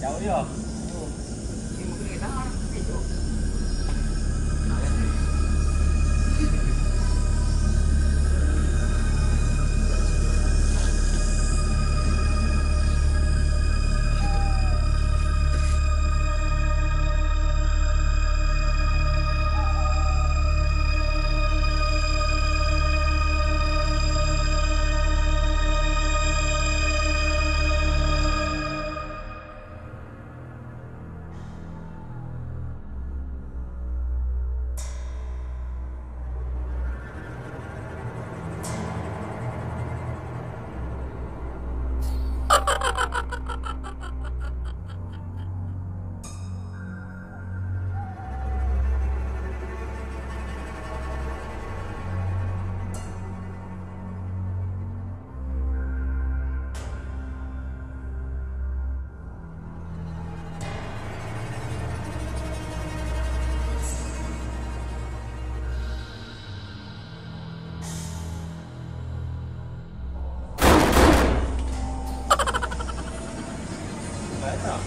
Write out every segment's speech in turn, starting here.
cháu đi rồi. Thì một cái này đó, cái chỗ. 来呀！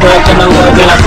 Bertrand, Bertrand, Bertrand,